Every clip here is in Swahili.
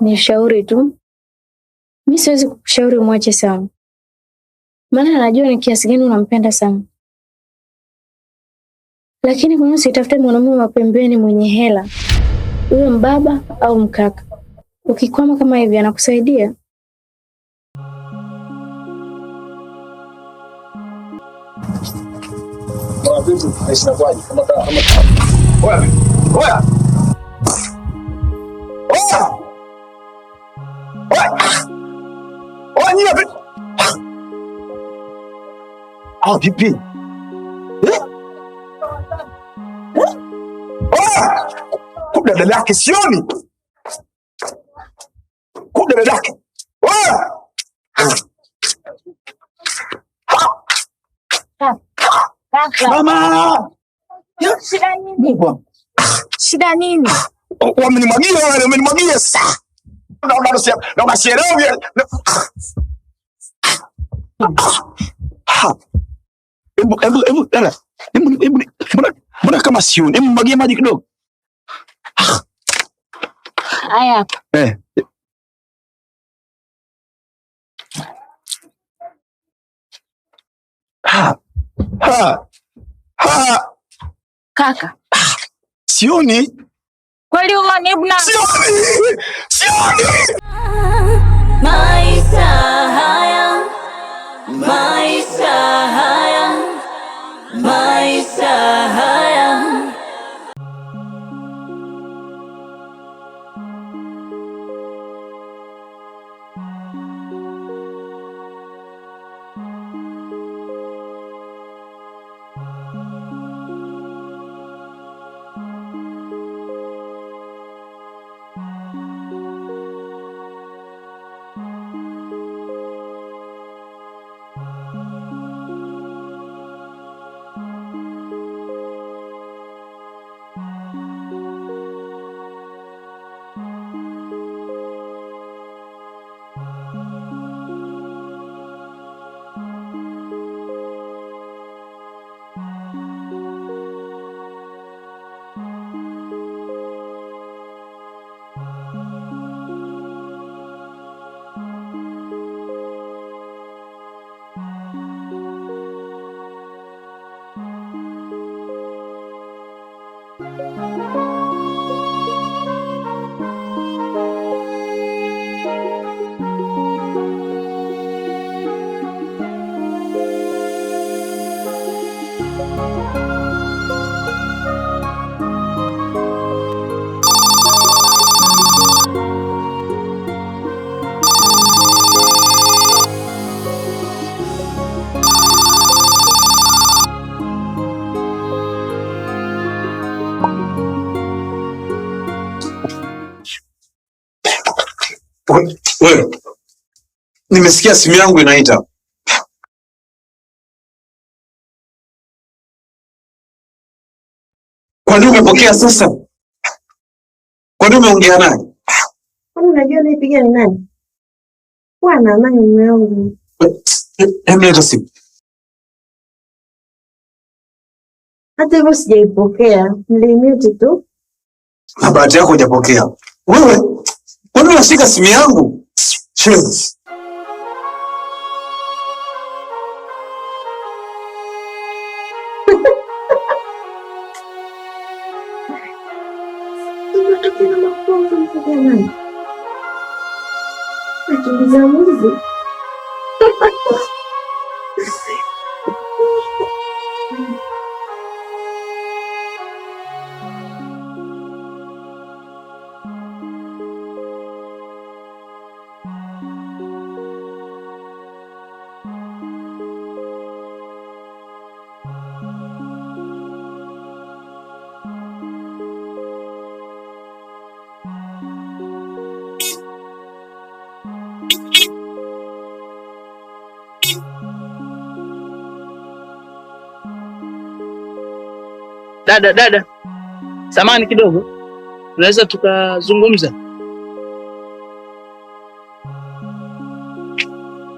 ni shauri tu. Mi siwezi kukushauri umwache Sam, maana najua ni kiasi gani unampenda Sam, lakini kwa nini usitafute mwanamume wa pembeni mwenye hela, uwe mbaba au mkaka? Ukikwama kama hivi, anakusaidia Wanyipe. Au vipi? Kuda dada yake sioni. Kuda dada yake. Ah! Mama. Shida nini? Wamenimwagia wale, wamenimwagia saa não, não, sei, não nascerão. E... Hebu hebu hebu dada, hebu mbona mbona kama sioni? Hebu mwagie maji kidogo. Haya. Eh. Ha. Ha. Ha. Kaka. Sioni. Kweli huo ni ibna. Maisha haya maisha haya nimesikia simu yangu inaita. Kwa nini umepokea sasa? Kwa nini umeongea naye? Kwani unajua naipiga ni nani? Bwana nani mume wangu? Hebu leta simu. Hata hivyo sijaipokea, nilimute tu. Na bahati yako hujapokea. Wewe, kwa nini unashika simu yangu? Cheers. Jamani, akimbiza mwizi dada dada, samani kidogo, tunaweza tukazungumza?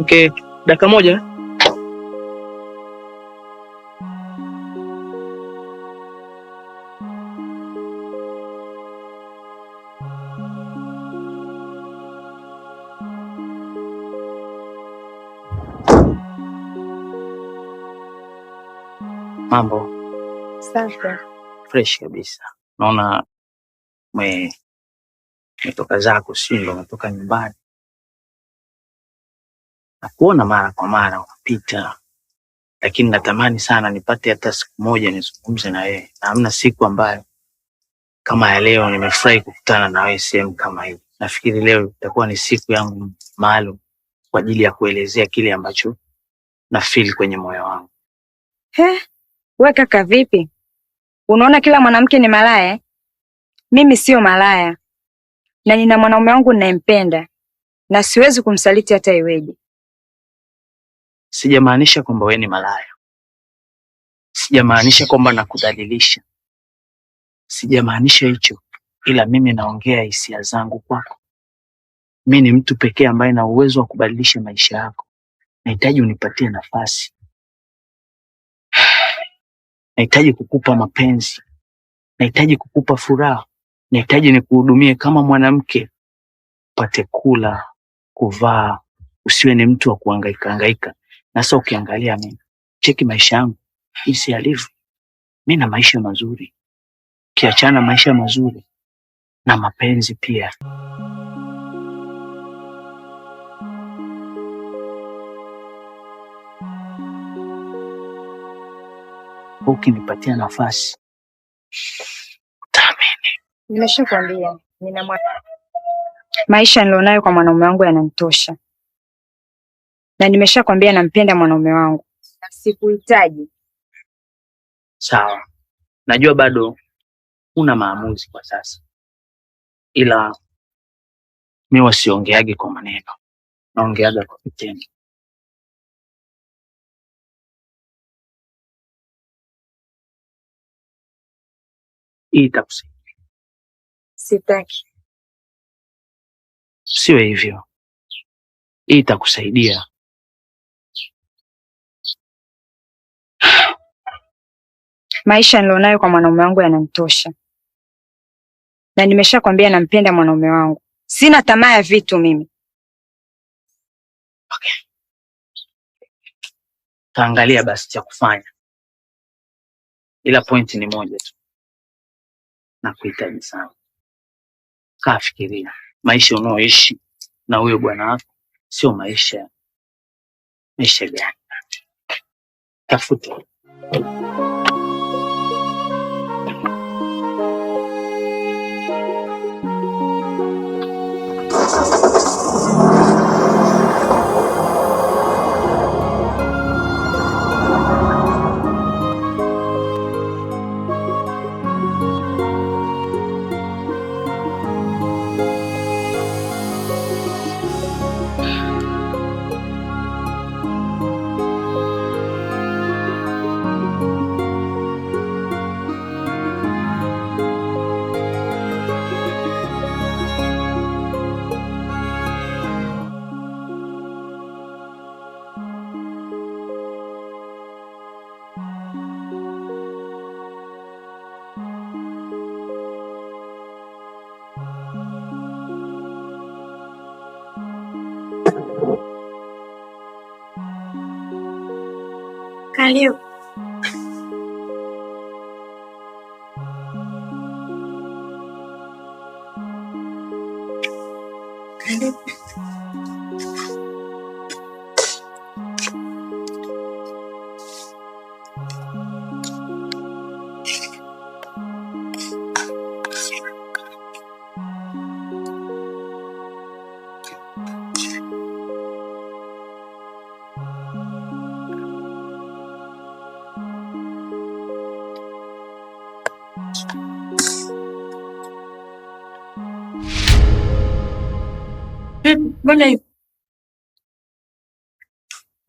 Okay, dakika moja. Mambo Safi. Fresh kabisa. Naona mwe umetoka zako ndo umetoka nyumbani. Nakuona mara kwa mara unapita, lakini natamani sana nipate hata siku moja nizungumze na wewe, na hamna siku ambayo kama ya leo. Nimefurahi kukutana na wewe sehemu kama hii. Nafikiri leo itakuwa ni siku yangu maalum kwa ajili ya kuelezea kile ambacho nafili kwenye moyo wangu. He, we kaka, vipi? Unaona kila mwanamke ni malaya? Mimi siyo malaya, na nina mwanaume wangu ninayempenda, na siwezi kumsaliti hata iweje. Sijamaanisha kwamba wewe ni malaya, sijamaanisha kwamba nakudhalilisha, sijamaanisha hicho, ila mimi naongea hisia zangu kwako. Mi ni mtu pekee ambaye na uwezo wa kubadilisha maisha yako. Nahitaji unipatie nafasi nahitaji kukupa mapenzi, nahitaji kukupa furaha, nahitaji nikuhudumie kama mwanamke, upate kula, kuvaa, usiwe ni mtu wa kuhangaika hangaika. Na sasa ukiangalia mimi, cheki maisha yangu jinsi yalivyo, mi na maisha mazuri, ukiachana maisha mazuri na mapenzi pia. Mungu ukinipatia nafasi utaamini. Nimeshakwambia nina maisha nilionayo kwa mwanaume wangu yananitosha, na nimeshakwambia nampenda mwanaume wangu na sikuhitaji. Sawa, najua bado una maamuzi kwa sasa, ila mi wasiongeage kwa maneno, naongeaga kwa vitendo. hii itakusaidia. Sitaki. Siwe hivyo, hii itakusaidia. Maisha nilionayo kwa mwanaume wangu yananitosha, na nimeshakwambia nampenda mwanaume wangu, sina tamaa ya vitu mimi. Okay. Taangalia basi cha kufanya, ila pointi ni moja tu na kuhitaji sana. Kaa fikiria maisha unaoishi na huyo bwana wako sio maisha maisha gani? Tafuta Valeu!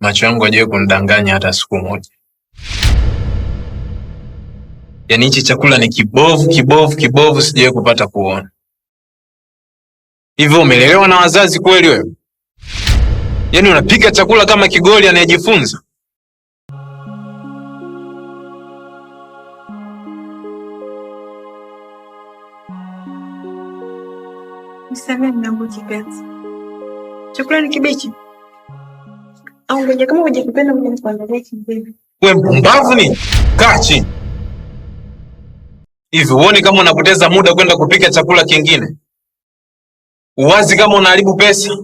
Macho yangu hajawahi kunidanganya hata siku moja. Yaani hichi chakula ni kibovu kibovu kibovu, sijawe kupata kuona. Hivyo umelelewa na wazazi kweli wewe? Yaani unapika chakula kama kigoli anayejifunza. Nisamehe mwanangu kipenzi. Chakula ni kibichi au ngoja, kama hujakipenda mimi nikuandalie kingine. Wewe mpumbavu ni kaa chini hivi, uone kama unapoteza muda kwenda kupika chakula kingine, uwazi kama unaharibu pesa.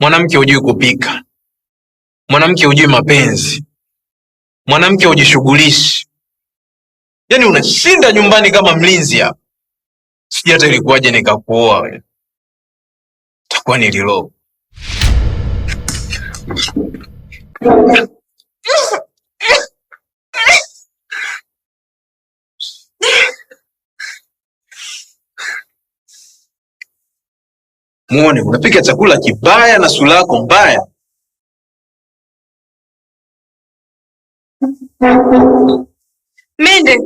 Mwanamke hujui kupika, mwanamke hujui mapenzi, mwanamke hujishughulishi, yaani unashinda nyumbani kama mlinzi hapa. Sijui hata ilikuwaje nikakuoa wewe kwa ni lilo muone, unapika chakula kibaya na sura yako mbaya. Mende,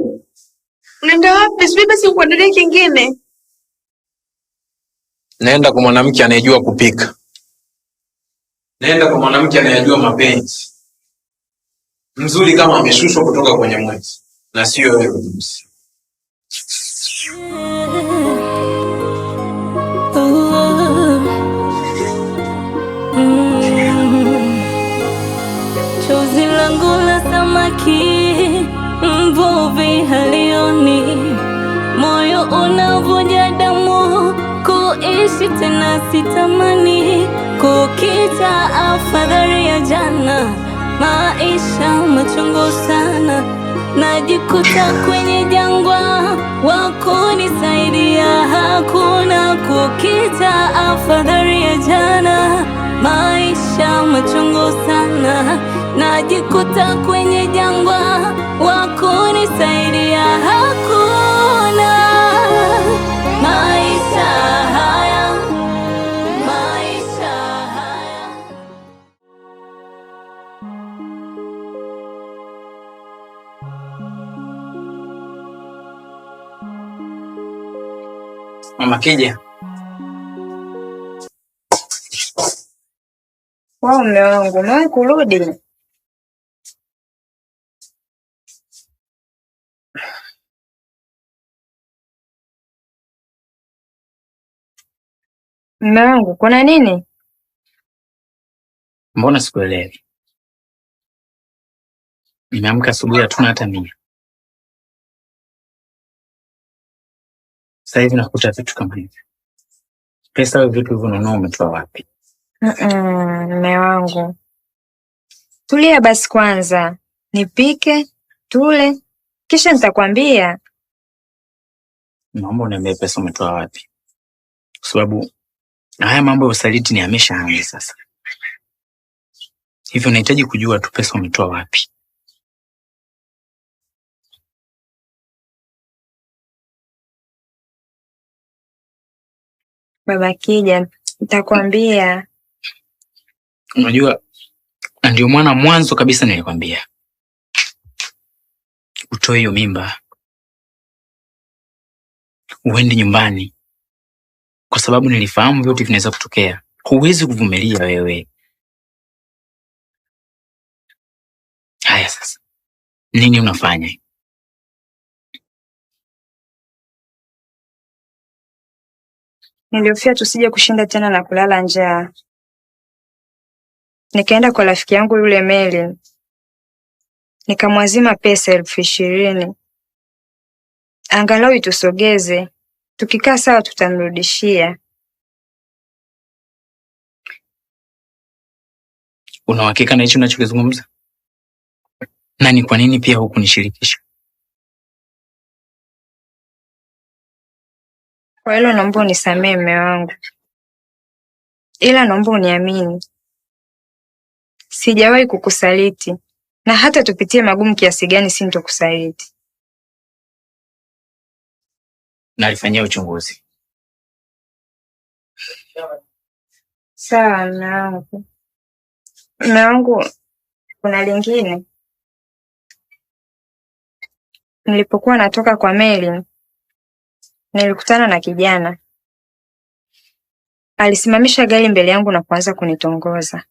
unaenda wapi? Sijui, basi ukuandalia kingine. Naenda kwa mwanamke anayejua kupika, naenda kwa mwanamke anayejua mapenzi mzuri, kama ameshushwa kutoka kwenye mwezi na siyo wewe. siishi tena, sitamani kukita afadhali ya jana. Maisha machungu sana, najikuta kwenye jangwa, wa kunisaidia hakuna. Kukita afadhali ya jana, maisha machungu sana, najikuta kwenye jangwa, wa kunisaidia hakuna. Mama Kija, wao mume wangu mimi kurudi. Mume wangu, kuna nini? Mbona sikuelewi? Nimeamka asubuhi hatuna hata mimi Sasa hivi nakuta vitu kama hivi Pesa au vitu hivyonunua umetoa wapi? Mme wangu, tulia basi kwanza, nipike tule, kisha nitakwambia. Naomba uniambie pesa umetoa wapi, kwa sababu haya mambo ya usaliti ni ameshaanza sasa. Hivyo nahitaji kujua tu pesa umetoa wapi. baba kija nitakwambia. Unajua, ndio mwana mwanzo kabisa nilikwambia utoe hiyo mimba uende nyumbani, kwa sababu nilifahamu vyote vinaweza kutokea. Huwezi kuvumilia wewe. Haya sasa, nini unafanya? niliofia tusije kushinda tena na kulala njaa nikaenda kwa rafiki yangu yule meli nikamwazima pesa elfu ishirini angalau itusogeze, tukikaa sawa tutamrudishia. unahakika na hicho unachokizungumza? Na ni kwa nini pia hukunishirikisha? Kwa hilo naomba unisamee mme wangu, ila naomba uniamini, sijawahi kukusaliti, na hata tupitie magumu kiasi gani sintokusaliti. Nalifanyia uchunguzi. Sawa mme wangu. Mme wangu, kuna lingine, nilipokuwa natoka kwa Meli Nilikutana na kijana. Alisimamisha gari mbele yangu na kuanza kunitongoza.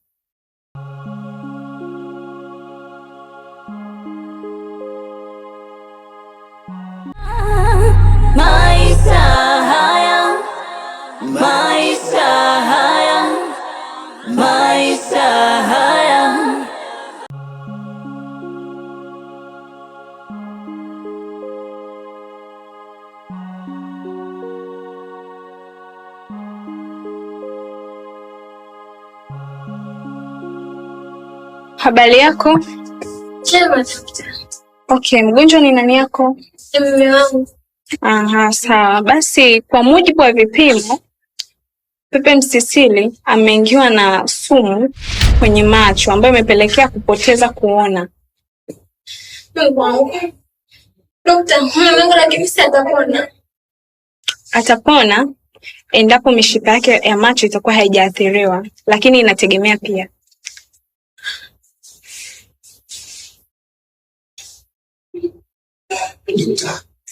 Habari yako? Chema. Okay, mgonjwa ni nani yako? Mume wangu. Aha, sawa. Basi kwa mujibu wa vipimo, Pepe Msisili ameingiwa na sumu kwenye macho ambayo imepelekea kupoteza kuona. Atapona endapo mishipa yake ya macho itakuwa haijaathiriwa, lakini inategemea pia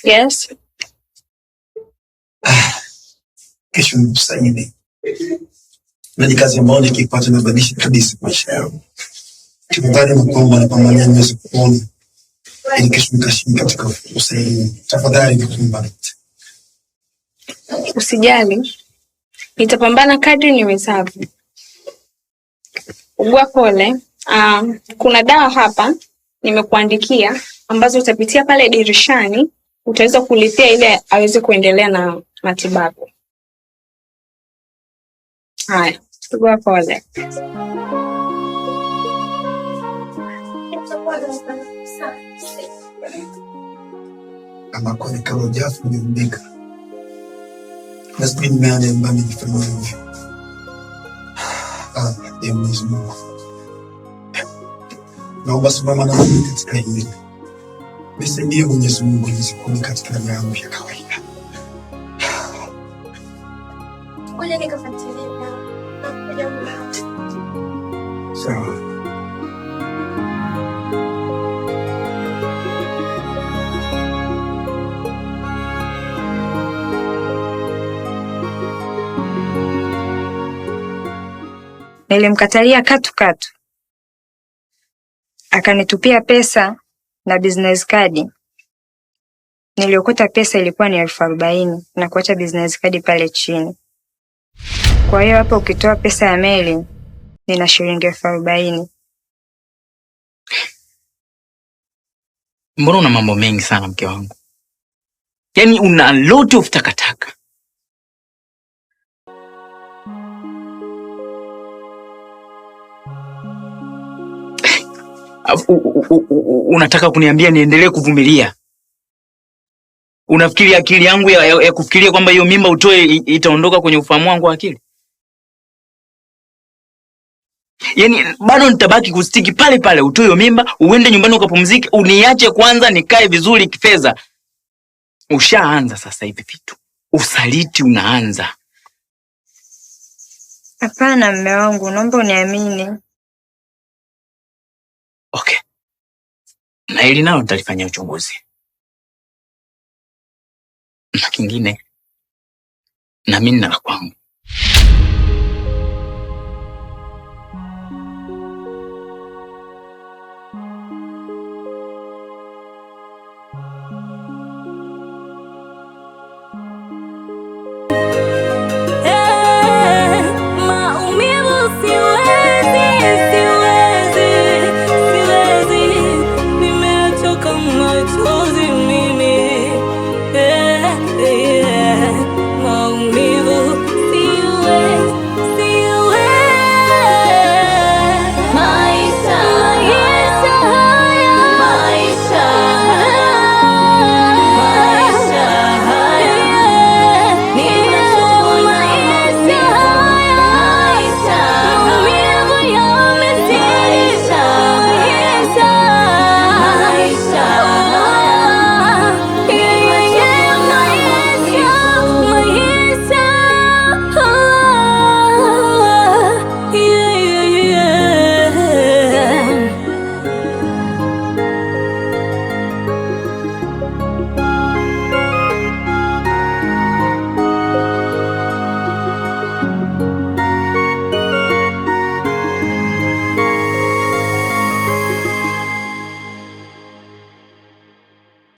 Yes. Kesho ni msaini kazi ambayo nikipata nabadilisha kabisa maisha yangu. na pamoja niweze kuona ili kesho nikashiriki katika usaini. Tafadhali usijali, nitapambana kadri niwezavyo. Ugua pole. Uh, kuna dawa hapa nimekuandikia ambazo utapitia pale dirishani, utaweza kulipia ili aweze kuendelea na matibabu haya. tukua pole. kama hivyo ya ah, Mwenyezi Mungu Naomba simama na mimi katika hili. Nisaidie Mwenyezi Mungu nisikuni katika yangu ya kawaida. Sawa. Nilimkatalia katukatu katu akanitupia pesa na business card. Niliokota pesa ilikuwa ni elfu arobaini na kuacha business card pale chini. Kwa hiyo hapo ukitoa pesa ya meli nina shilingi elfu arobaini. Mbona una mambo mengi sana mke wangu, yaani una lot of takataka Ah, unataka kuniambia niendelee kuvumilia? Unafikiri akili yangu ya, ya, ya kufikiria kwamba hiyo mimba utoe itaondoka kwenye ufahamu wangu wa akili? Yaani bado nitabaki kustiki pale pale, utoe hiyo mimba, uende nyumbani ukapumzike, uniache kwanza nikae vizuri kifedha. Ushaanza sasa hivi vitu, usaliti unaanza. Hapana mme wangu, naomba uniamini. na hili nalo nitalifanyia uchunguzi. Na kingine na mimi nina la kwangu.